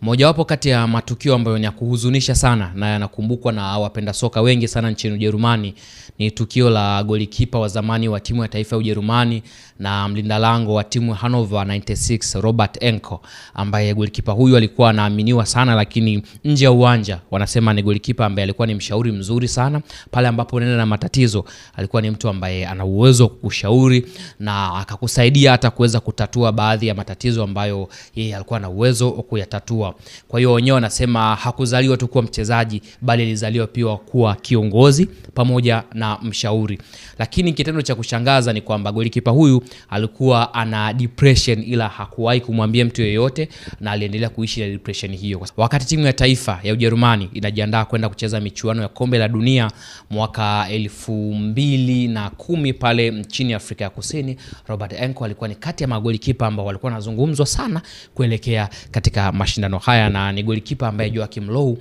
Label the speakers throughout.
Speaker 1: Mojawapo kati ya matukio ambayo ni ya kuhuzunisha sana na yanakumbukwa na wapenda soka wengi sana nchini Ujerumani ni tukio la golikipa wa zamani wa timu ya taifa ya Ujerumani na mlinda lango wa timu Hannover 96 Robert Enko, ambaye golikipa huyu alikuwa anaaminiwa sana, lakini nje ya uwanja wanasema ni golikipa ambaye alikuwa ni mshauri mzuri sana. Pale ambapo unaenda na matatizo, alikuwa ni mtu ambaye ana uwezo wa kukushauri na akakusaidia hata kuweza kutatua baadhi ya matatizo ambayo yeye alikuwa na uwezo wa kuyatatua kuwa. Kwa hiyo wenyewe wanasema hakuzaliwa tu kuwa mchezaji, bali alizaliwa pia kuwa kiongozi pamoja na mshauri. Lakini kitendo cha kushangaza ni kwamba golikipa huyu alikuwa ana depression, ila hakuwahi kumwambia mtu yeyote, na aliendelea kuishi na depression hiyo. Wakati timu ya taifa ya Ujerumani inajiandaa kwenda kucheza michuano ya kombe la dunia mwaka elfu mbili na kumi pale nchini Afrika ya Kusini, Robert Enko alikuwa ni kati ya magolikipa ambao walikuwa wanazungumzwa sana kuelekea katika mashindano mashindano haya na ni golikipa ambaye Joachim Low,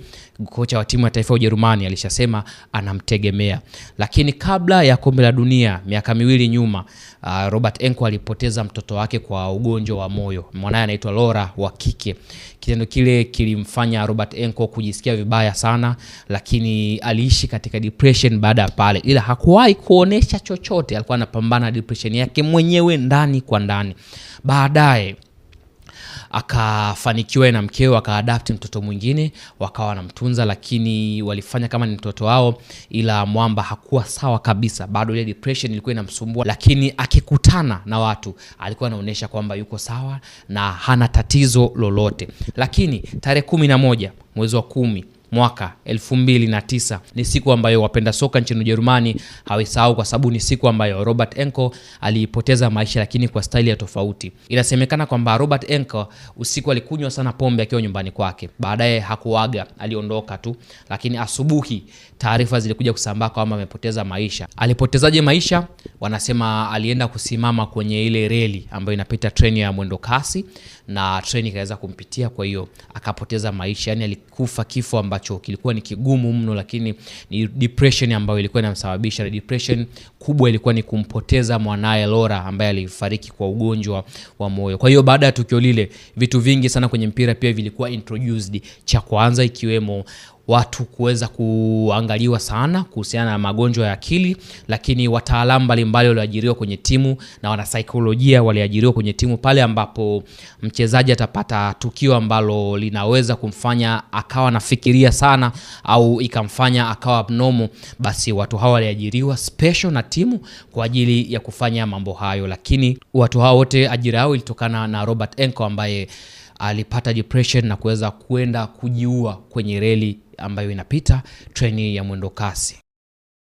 Speaker 1: kocha wa timu ya taifa ya Ujerumani, alishasema anamtegemea. Lakini kabla ya kombe la dunia miaka miwili nyuma, uh, Robert Enko alipoteza mtoto wake kwa ugonjwa wa moyo, mwanaye anaitwa Laura wa kike. Kitendo kile kilimfanya Robert Enko kujisikia vibaya sana, lakini aliishi katika depression baada ya pale, ila hakuwahi kuonesha chochote. Alikuwa anapambana depression yake mwenyewe ndani kwa ndani. Baadaye akafanikiwa na mkeo akaadapti mtoto mwingine, wakawa wanamtunza, lakini walifanya kama ni mtoto wao, ila Mwamba hakuwa sawa kabisa, bado ile depression ilikuwa inamsumbua, lakini akikutana na watu alikuwa anaonyesha kwamba yuko sawa na hana tatizo lolote. Lakini tarehe kumi na moja mwezi wa kumi mwaka 2009. Ni siku ambayo wapenda soka nchini Ujerumani hawisahau kwa sababu ni siku ambayo Robert Enke aliipoteza maisha, lakini kwa staili ya tofauti. Inasemekana kwamba Robert Enke usiku alikunywa sana pombe akiwa nyumbani kwake, baadaye hakuaga, aliondoka tu, lakini asubuhi taarifa zilikuja kusambaa kwamba amepoteza maisha. Alipotezaje maisha? Wanasema alienda kusimama kwenye ile reli ambayo inapita treni ya mwendo kasi na treni ikaweza kumpitia, kwa hiyo akapoteza maisha. Yani alikufa kifo ambacho kilikuwa ni kigumu mno, lakini ni depression ambayo ilikuwa inamsababisha, na depression kubwa ilikuwa ni kumpoteza mwanaye Lora ambaye alifariki kwa ugonjwa wa moyo. Kwa hiyo baada ya tukio lile, vitu vingi sana kwenye mpira pia vilikuwa introduced, cha kwanza ikiwemo watu kuweza kuangaliwa sana kuhusiana na magonjwa ya akili, lakini wataalamu mbalimbali walioajiriwa kwenye timu na wanasaikolojia waliajiriwa kwenye timu pale ambapo mchezaji atapata tukio ambalo linaweza kumfanya akawa nafikiria sana au ikamfanya akawa abnormal, basi watu hawa waliajiriwa special na timu kwa ajili ya kufanya mambo hayo, lakini watu hao wote ajira yao ilitokana na Robert Enko ambaye alipata depression na kuweza kwenda kujiua kwenye reli ambayo inapita treni ya mwendo kasi.